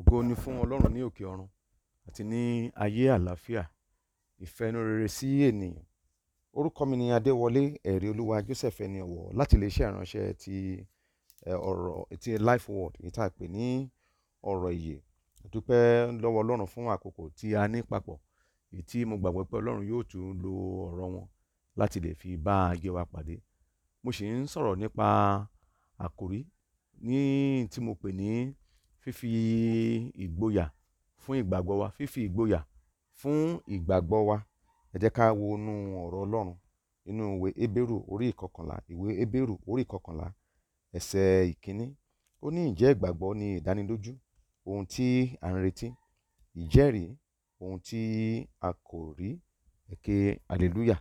ògo ni fún ọlọ́run ní òkè ọ̀run àti ní ayé àlàáfíà ìfẹ́nu rere sí ènìyàn orúkọ mi ni adéwọlé ẹ̀rí olúwa joseph ẹni ọ̀wọ̀ láti iléeṣẹ́ ìránṣẹ́ ti ọ̀rọ̀ ti life word èyí tá a pè ní ọ̀rọ̀ ìyè dúpẹ́ lọ́wọ́ ọlọ́run fún àkókò tí a ní papọ̀ èyí tí mo gbàgbọ́ pé ọlọ́run yóò tún lo ọ̀rọ̀ wọn láti lè fi bá ayé wa pàdé mo sì ń sọ̀rọ̀ nípa àkòrí ní tí mo pè ní fífi ìgboyà fún ìgbàgbọ́ wa fífi ìgboyà fún ìgbàgbọ́ wa ẹ jẹ́ ká wo inú ọ̀rọ̀ ọlọ́run inú ìwé hébérù orí ìkọkànlá ìwé hébérù orí ìkọkànlá ẹsẹ̀ ìkíní ó ní ìjẹ́ ìgbàgbọ́ ni ìdánilójú ohun tí à ń retí ìjẹ́rìí ohun tí a kò rí ẹ̀kẹ́ aleluya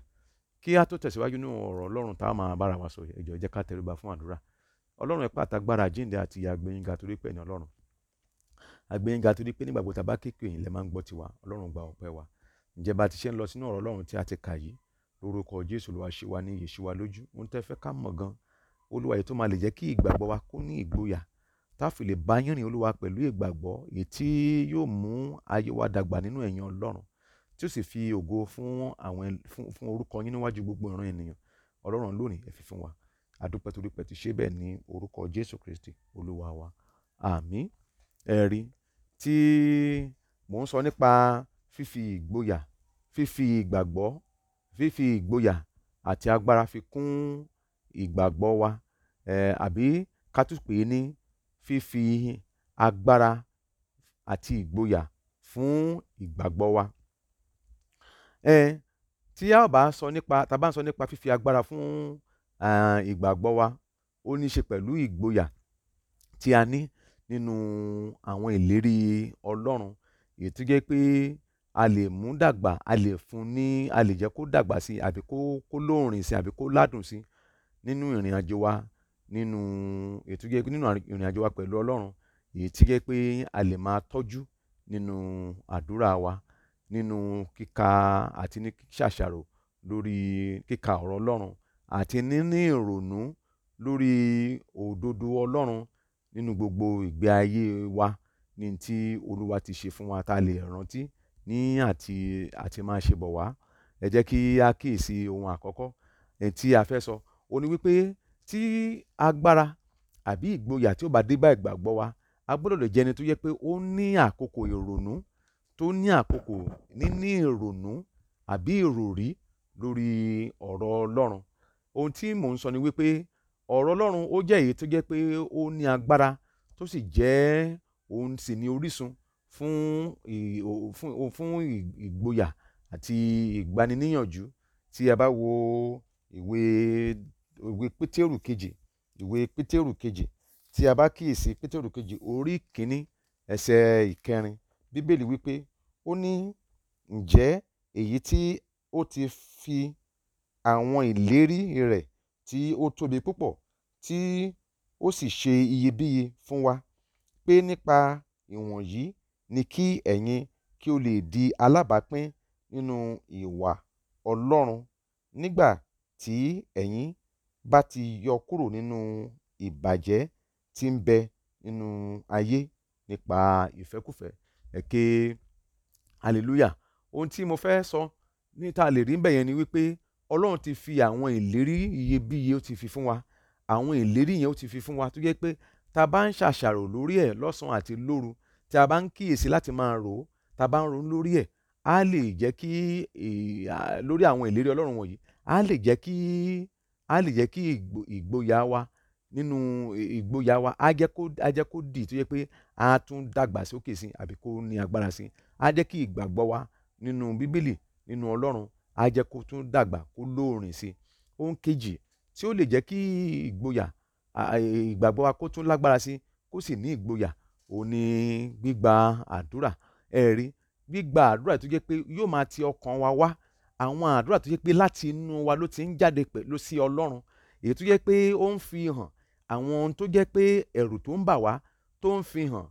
kí a tó tẹ̀síwájú nínú ọ̀rọ̀ ọlọ́run tá a máa bára wa sọ ẹ jọ̀ọ́ ká tẹríba fún àdúrà ọlọ́run ẹ̀pá àtagbára jíǹde àti ìyàgbẹ́yìn ga torí ọlọ́run agbẹ́yìnga torí pé nígbàgbọ́ tàbá kékeré yìí lẹ́ máa ń gbọ́ tiwa ọlọ́run gba ọpẹ́ wa ǹjẹ́ bá ti ṣe ń lọ sínú ọ̀rọ̀ ọlọ́run tí a ti kà yìí lórúkọ jésù ló wá ṣe wa ní iyè ṣe wa lójú ohun tẹ́ fẹ́ ká mọ̀ gan olúwa yìí tó máa lè jẹ́ kí ìgbàgbọ́ wa kó ní ìgboyà táfi lè bá yín rìn olúwa pẹ̀lú ìgbàgbọ́ èyí yóò mú ayé wa dàgbà nínú ẹ̀yìn ọlọ́run tí ó sì fi ògo fún àwọn fún orúkọ yín níwájú gbogbo ìran ènìyàn ọlọ́run lónìí ẹ fún wa adúpẹ́ torípẹ́ ti ṣe bẹ́ẹ̀ ní orúkọ jésù kristi olúwa wa àmín ẹ̀rí tí mò ń sọ nípa fífi ìgboyà fífi ìgbàgbọ́ fífi ìgboyà àti agbára fi kún ìgbàgbọ́ wa um àbí ká tún pè é ní fífi agbára àti ìgboyà fún ìgbàgbọ́ wa. um tí a bá sọ nípa tá a bá ń sọ nípa fífi agbára fún um ìgbàgbọ́ wa ó ní í ṣe pẹ̀lú ìgboyà tí a ní nínú àwọn ìlérí ọlọ́run èyí tó jẹ́ pé a lè mú dàgbà a lè fún ní a lè jẹ́ kó dàgbà sí i àbí kó kó lóòrìn sí i àbí kó ládùn sí i nínú ìrìn àjò wa nínú èyí tó jẹ́ pé nínú ìrìn àjò wa pẹ̀lú ọlọ́run èyí tó jẹ́ pé a lè máa tọ́jú nínú àdúrà wa nínú kíka àti ní ṣàṣàrò lórí kíka ọ̀rọ̀ ọlọ́run àti níní ìrònú lórí òdodo ọlọ́run nínú gbogbo ìgbé ayé wa ní tí Olúwa ti ṣe fún wa ta lè rántí ní àti àti máa ṣe bọ̀ wá. Ẹ jẹ́ kí a kíyèsí ohun àkọ́kọ́ èyí tí a fẹ́ sọ. Ó ní wípé tí agbára àbí ìgboyà tí ó bá dé bá ìgbàgbọ́ wa, a gbọ́dọ̀ lè jẹ́ tó yẹ pé ó ní àkókò ìrònú, tó ní àkókò níní ìrònú àbí ìròrí lórí ọ̀rọ̀ Ọlọ́run. Ohun tí mò ń sọ ni wípé ọ̀rọ̀ ọlọ́run ó jẹ́ èyí tó jẹ́ pé ó ní agbára tó sì jẹ́ òun sì ní orísun fún fún ìgboyà àti ìgbaniníyànjú tí a bá wo ìwé ìwé pétérù kejì ìwé pétérù kejì tí a bá kíyèsí pétérù kejì orí kínní ẹsẹ̀ ìkẹrin bíbélì wípé ó ní ǹjẹ́ èyí tí ó ti fi àwọn ìlérí rẹ̀ tí ó tóbi púpọ̀ tí ó sì ṣe iyebíye fún wa pé nípa ìwọ̀nyí ni kí ẹ̀yin kí ó lè di alábàápín nínú ìwà Ọlọ́run nígbà tí ẹ̀yin bá ti yọ kúrò nínú ìbàjẹ́ tí ń bẹ nínú ayé nípa ìfẹ́kúfẹ̀ẹ́ ẹ ké hallelujah ohun tí mo fẹ́ sọ ní tá lè rí níbẹ̀ yẹn ni wípé ọlọ́run ti fi àwọn ìlérí iyebíye ó ti fi fún wa àwọn ìlérí yẹn ó ti fi fún wa tó jẹ́ pé tá a bá ń ṣàṣàrò lórí ẹ̀ lọ́sàn-án àti lóru tí a bá ń kíyèsí láti máa rò ó tá a bá ń ronú lórí ẹ̀ á lè jẹ́ kí lórí àwọn ìlérí ọlọ́run wọ̀nyí á lè jẹ́ kí á lè jẹ́ kí ìgboyà wa nínú ìgboyà wa á jẹ́ kó dì tó yẹ pé á tún dàgbà sókè sí àbí kó ní agbára sí á jẹ́ kí ìgbàgbọ́ wa nínú bíbélì nínú ọlọ́run á jẹ́ kó tún dàgbà kó lóòrìn sí i ohun kejì tí ó lè jẹ́ kí ìgboyà ìgbàgbọ́ wa kó tún lágbára sí i kó sì ní ìgboyà òun ni gbígba àdúrà ẹ̀rí gbígba àdúrà tó jẹ́ pé yóò máa ti ọkàn wa wá àwọn àdúrà tó jẹ́ pé láti inú wa ló ti ń jáde pẹ̀lú sí ọlọ́run èyí tó jẹ́ pé ó ń fi hàn àwọn ohun tó jẹ́ pé ẹ̀rù tó ń bà wá tó ń fi hàn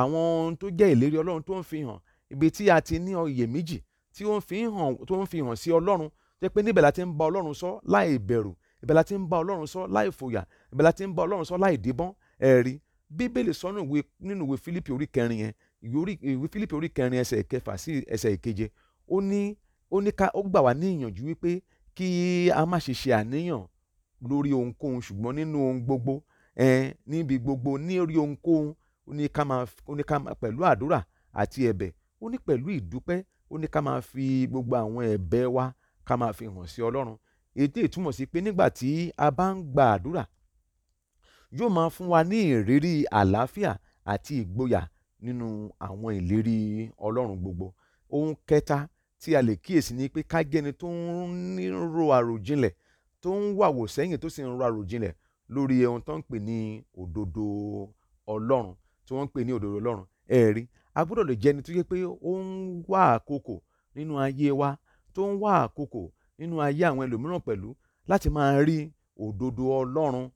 àwọn ohun tó jẹ́ ìlérí ọlọ́run tó ń fi hàn ibi tí a ti ní iyèméjì tí ó ń fi hàn tó ń fi hàn sí ọlọ́run jẹ́ pé níbẹ̀ la ti ń bá ọlọ́run sọ láì bẹ̀rù ibẹ̀ la ti ń bá ọlọ́run sọ láì fòyà ibẹ̀ la ti ń bá ọlọ́run sọ láì díbọ́n ẹ̀rí bíbélì sọ nínú ìwé fílípì orí kẹrin yẹn ìwé fílípì orí kẹrin ẹsẹ̀ ìkẹfà sí ẹsẹ̀ ìkeje ó ní ó ní ká ó gbà wá ní ìyànjú wípé kí a má ṣe ṣe àníyàn lórí ohunkóhun ṣùgbọ́n nínú ohun gbogbo ẹn níbi gbogbo ní orí ohunkóhun ó ní ká máa pẹ̀lú àdúrà àti ẹ̀bẹ̀ ó ní pẹ̀lú ìdúpẹ́ ó ní ká máa fi gbogbo àwọn ẹ̀bẹ̀ wa ká máa fi hàn sí ọlọ́run ètò ìtumọ̀ sí pé nígbà tí a bá ń gba àdúrà yóò máa fún wa ní ìrírí àlàáfíà àti ìgboyà nínú àwọn ìlérí ọlọ́run gbogbo ohun kẹta tí a lè kíyèsí ni pé ká jẹ́ni tó ń ro àròjinlẹ̀ tó ń wàwò sẹ́yìn tó sì ń ro àròjinlẹ̀ lórí ohun tó ń pè ní òdodo ọlọ́run tí wọ́n ń pè ní òdodo ọlọ́run ẹ̀rí a gbọ́dọ̀ lè jẹ́ ẹni tó yẹ pé ó ń wá àkókò nínú ayé wa tó ń wá àkókò nínú ayé àwọn ẹlòmíràn pẹ̀lú láti máa rí òdodo ọlọ́run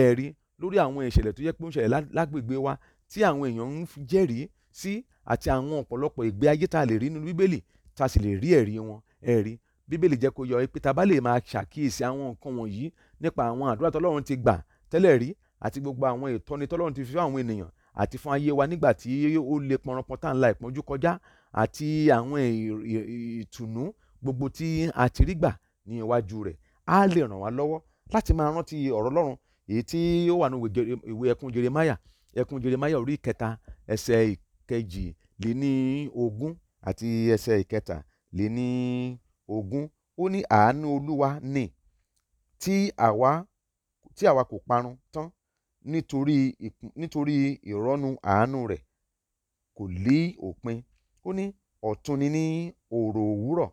ẹ̀rí lórí àwọn ìṣẹ̀lẹ̀ tó yẹ pé ó ń ṣẹlẹ̀ lágbègbè wa tí àwọn èèyàn ń jẹ́rìí sí àti àwọn ọ̀pọ̀lọpọ̀ ìgbé ayé tá a lè rí nínú bíbélì tá a sì lè rí ẹ̀rí wọn ẹ̀rí bíbélì jẹ́ kó yọ pé tá bá lè máa ṣàkíyèsí àwọn nǹkan wọ̀nyí nípa àwọn àdúrà tọ́lọ́run ti gbà tẹ́lẹ̀ rí àti gbogbo àwọn ìtọ́ni tọ́lọ́run ti fi fún àwọn ènìyàn àti fún ayé wa nígbà tí ó le pọnranpọn tá à ń la ìpọ́njú kọjá àti àwọn ìtùnú gbogbo tí a ti rí gbà ní iwájú rẹ̀ á lè ràn wá lọ́wọ́ láti máa rántí ọ̀rọ̀ Ọlọ́run èyí tí ó wà ní ìwé ẹkún Jeremáyà ẹkún Jeremáyà orí ìkẹta ẹsẹ̀ ìkejì lé ní ogún àti ẹsẹ̀ ìkẹta lé ní ogún ó ní àánú Olúwa ni tí àwa kò parun tán nítorí ìrọ́nú àánú rẹ̀ kò ní òpin ó ní ọ̀tun ni ní òòrò òwúrọ̀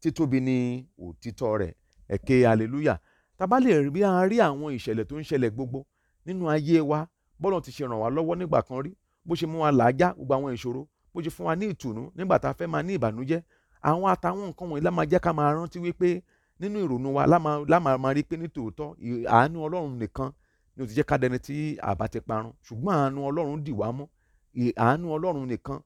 títóbi ni òtítọ́ rẹ̀ ẹ̀kẹ́ hallelujah tá a bá lè rí bí a rí àwọn ìṣẹ̀lẹ̀ tó ń ṣẹlẹ̀ gbogbo nínú ayé wa bọ́lọ̀ ti ṣe ràn wá lọ́wọ́ nígbà kan rí bó ṣe mú wa làájá gbogbo àwọn ìṣòro bó ṣe fún wa ní ìtùnú nígbà tá a fẹ́ máa ní ìbànújẹ́ àwọn àtàwọn nǹkan wọ̀nyí lá máa jẹ́ ká máa rántí wípé nínú ìrònú wa lá máa rí pé nítòótọ́ àánú ọlọ́run nìkan ni ó ti jẹ́ ká dẹni tí àbá ti parun ṣùgbọ́n àánú ọlọ́run dì wá mú àánú ọlọ́run nìkan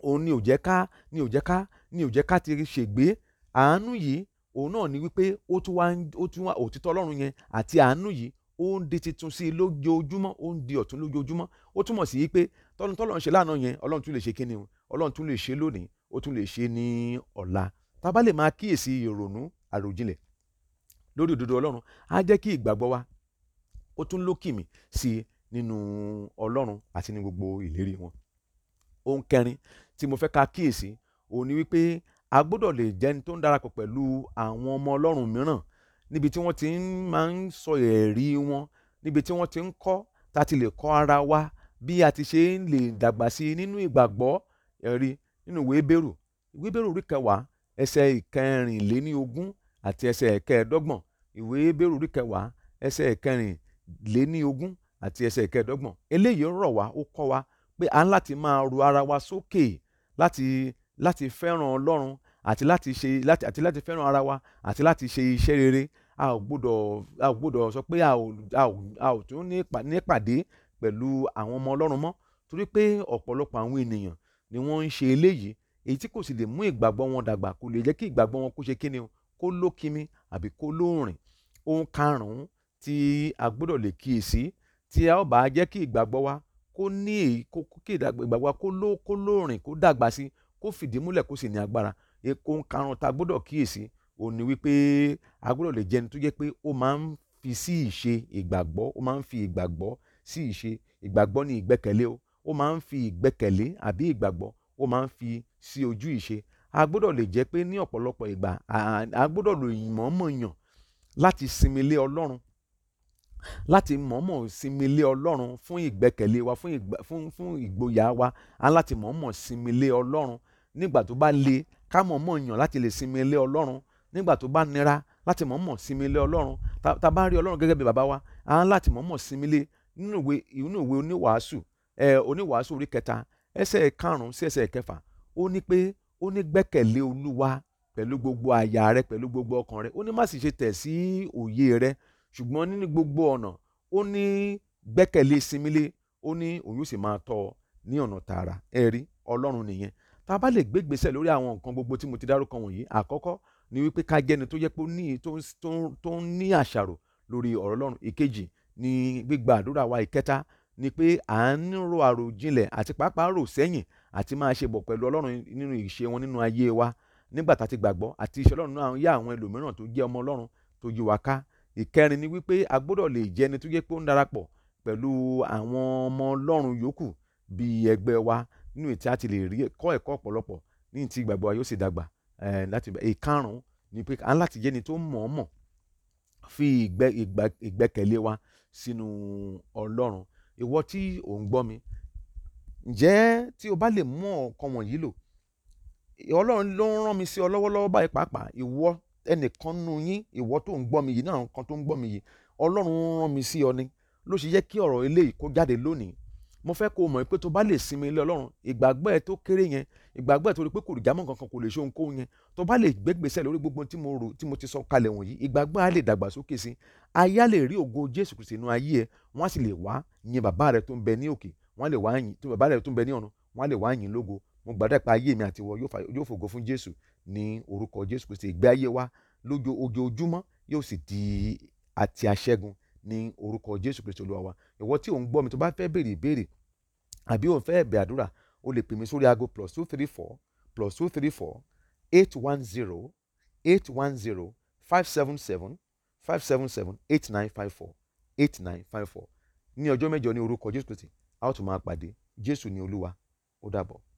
òun ni ò jẹ́ ká ni ò jẹ́ ká ni ò jẹ́ ká ti ṣègbé àánú yìí òun náà ni wípé ó tún wá ó tún wá òtítọ́ ọlọ́run yẹn àti àánú yìí ó ń di titun sí i lójoojúmọ́ ó ń di ọ̀tún lójoojúmọ́ ó túmọ̀ sí pé tọ́lọ́run tọ́lọ́run ṣe lánàá yẹn ọlọ́run tún lè ṣe kíni ọlọ́run tún lè ṣe lónìí ó tún lè ṣe ní ọ̀la tá lè máa kíyèsí ìrònú àròjinlẹ̀ lórí òdodo ọlọ́run á jẹ́ kí ìgbàgbọ́ wa ó tún lókì mí sí i nínú ọlọ́run àti ní gbogbo ìlérí wọn. ohun kẹrin tí mo fẹ́ ka kíyèsí òun ni wípé a gbọ́dọ̀ lè jẹ́ni tó ń darapọ̀ pẹ̀lú àwọn ọmọ ọlọ́run mìíràn níbi tí wọ́n ti máa ń sọ ẹ̀rí wọn níbi tí wọ́n ti ń kọ́ tá a ti lè kọ́ ara wa bí a ti ṣe ń lè dàgbà sí i nínú ìgbàgbọ́ ẹ̀rí nínú ìwé bẹ́rù ìwé bẹ́rù orí kẹwàá ẹsẹ̀ ìkẹrìnléní àti ẹsẹ̀ ìkẹẹ̀dọ́gbọ̀n ìwé bẹ́rù orí kẹwàá ẹsẹ̀ ìkẹrìn lé ní ogún àti ẹsẹ̀ ìkẹẹ̀dọ́gbọ̀n eléyìí rọ̀ wá ó kọ́ wa pé à ń láti máa ru ara wa sókè láti láti fẹ́ràn ọlọ́run àti láti ṣe láti àti láti fẹ́ràn ara wa àti láti ṣe iṣẹ́ rere a ò gbọ́dọ̀ a ò gbọ́dọ̀ sọ pé a ò a ò a ò tún ní pàdé pẹ̀lú àwọn ọmọ ọlọ́run mọ́ torí pé ọ̀pọ̀lọpọ̀ àwọn ènìyàn ni wọ́n ń ṣe eléyìí èyí tí kò sì lè mú ìgbàgbọ́ wọn dàgbà kò lè jẹ́ kí ìgbàgbọ́ wọn kó ṣe kíni kó lókimi àbí kó lóòrìn ohun karùn-ún tí a gbọ́dọ̀ lè kíyèsí tí a ó bá jẹ́ kí ìgbàgbọ́ wa kó ní èyí kí ìgbàgbọ́ wa kó ló kó lóòrìn kó dàgbà sí kó fìdí múlẹ̀ kó sì ní agbára èkó karùn-ún ta gbọ́dọ̀ kíyèsí òun ni wípé a gbọ́dọ̀ lè jẹni tó jẹ́ pé ó máa ń fi sí ìṣe ìgbàgbọ́ ó máa ń fi ìgbàgbọ́ sí ìṣe ìgbàgbọ́ ni ìgbẹ́kẹ̀lé o ó máa ń fi ìgbẹ́kẹ̀lé àbí ìgbàgbọ́ ó máa ń fi sí ojú ìṣe a gbọ́dọ̀ lè jẹ́ pé ní ọ̀pọ̀lọpọ̀ ìgbà a gbọ́dọ̀ lò ìmọ̀ọ́mọ̀ yàn láti sinmi lé Ọlọ́run láti mọ̀ọ́mọ̀ sinmi lé ọlọ́run fún ìgbẹ́kẹ̀lé wa fún ìgbà fún fún ìgboyà wa á láti mọ̀ọ́mọ̀ sinmi lé ọlọ́run nígbà tó bá le ká mọ̀ọ́mọ̀ yàn láti lè sinmi lé ọlọ́run nígbà tó bá nira láti mọ̀ọ́mọ̀ sinmi lé ọlọ́run tá bá rí ọlọ́run gẹ́gẹ́ bí bàbá wa á láti mọ̀ọ́mọ̀ sinmi lé nínú ìwé inú ìwé oníwàásù ẹ oníwàásù orí kẹta ẹsẹ̀ karùn-ún sí ẹsẹ̀ kẹfà ó ní pé ó ní gbẹ́kẹ̀lé olúwa pẹ̀lú gbogbo àyà rẹ pẹ̀lú gbogbo ọkàn rẹ ó ní má sì ṣe tẹ̀ sí òye rẹ ṣùgbọ́n nínú gbogbo ọ̀nà ó ní gbẹ́kẹ̀lé sinmilé ó ní òun yóò sì máa tọ́ ọ ní ọ̀nà tààrà ẹ rí ọlọ́run nìyẹn tá a bá lè gbé ìgbésẹ̀ lórí àwọn nǹkan gbogbo tí mo ti dárúkọ wọ̀nyí àkọ́kọ́ ni wípé ká jẹ́ni tó yẹ pé tó ń ní àṣàrò lórí ọ̀rọ̀ ọlọ́run ìkejì ni gbígba àdúrà wa ìkẹta ni pé à ń ro àròjinlẹ̀ àti pàápàá rò sẹ́yìn àti máa ṣe bọ̀ pẹ̀lú ọlọ́run nínú ìṣe wọn nínú ayé wa nígbà tá a ti gbàgbọ́ àti iṣẹ́ ọlọ́run náà yá àwọn ẹlòmíràn tó jẹ́ ọmọ ọlọ́run tó yí wa ká ìkẹrin ni wípé a gbọ́dọ̀ lè jẹ́ ẹni tó yẹ pé ó ń darapọ̀ pẹ̀lú àwọn ọmọ ọlọ́run yòókù bíi ẹgbẹ́ wa nínú ìtí a ti lè rí kọ́ ẹ̀kọ́ ọ̀pọ̀lọpọ̀ ní ìtí ìgbàgbọ́ wa yóò sì dàgbà láti ìkarùn ni pé a láti jẹ́ ẹni tó mọ̀ọ́mọ̀ fi ìgbẹ́kẹ̀lé wa sínú ọlọ́run ìwọ tí ò ń gbọ́ mi ǹjẹ́ tí o bá lè mú ọ̀kan wọ̀nyí lò ọlọ́run ló ń rán mi sí ọ lọ́wọ́lọ́wọ́ báyìí pàápàá ìwọ ẹnìkan nu yín ìwọ tó ń gbọ́ mi yìí náà kan tó ń gbọ́ mi yìí ọlọ́run rán mi sí ọ ni ló ṣe yẹ kí ọ̀rọ̀ eléyìí kó jáde lónìí mo fẹ́ kó o mọ̀ pé tó bá lè sinmi ilé ọlọ́run ìgbàgbọ́ ẹ tó kéré yẹn ìgbàgbọ́ ẹ tó rí pé kò rí jámọ́ kankan kò lè ṣe ohunkóhun yẹn tó bá lè gbégbèsè lórí gbogbo tí mo rò tí mo ti sọ kalẹ̀ wọ̀nyí ìgbàgbọ́ á lè dàgbàsókè sí ayé á lè rí ògo jésù kristi nínú ayé ẹ wọ́n á sì lè wá yin bàbá rẹ tó ń bẹ ní òkè wọ́n á lè wá yin tó bàbá rẹ tó ń bẹ ní ọ̀run wọ́n á lè wá yin lógo mo gbàdúrà pé ayé mi àti ìwọ yóò fògo fún jésù ní orúkọ jésù kristi ìgbé ayé wa lójó ojoojúmọ́ yóò sì di àti àṣẹ́gun ní orúkọ jésù kristi olúwa wa ìwọ tí ò ń gbọ́ mi tó bá fẹ́ béèrè ìbéèrè àbí ò ń fẹ́ ẹ̀bẹ̀ àdúrà o lè pè mí sórí aago plus two three four plus two three four eight one zero eight one zero five seven seven five seven seven eight nine five four eight nine five four ní ọjọ́ mẹ́jọ ní orúkọ jésù kristi a ó tún máa pàdé jésù ní olúwa ó dàbọ̀.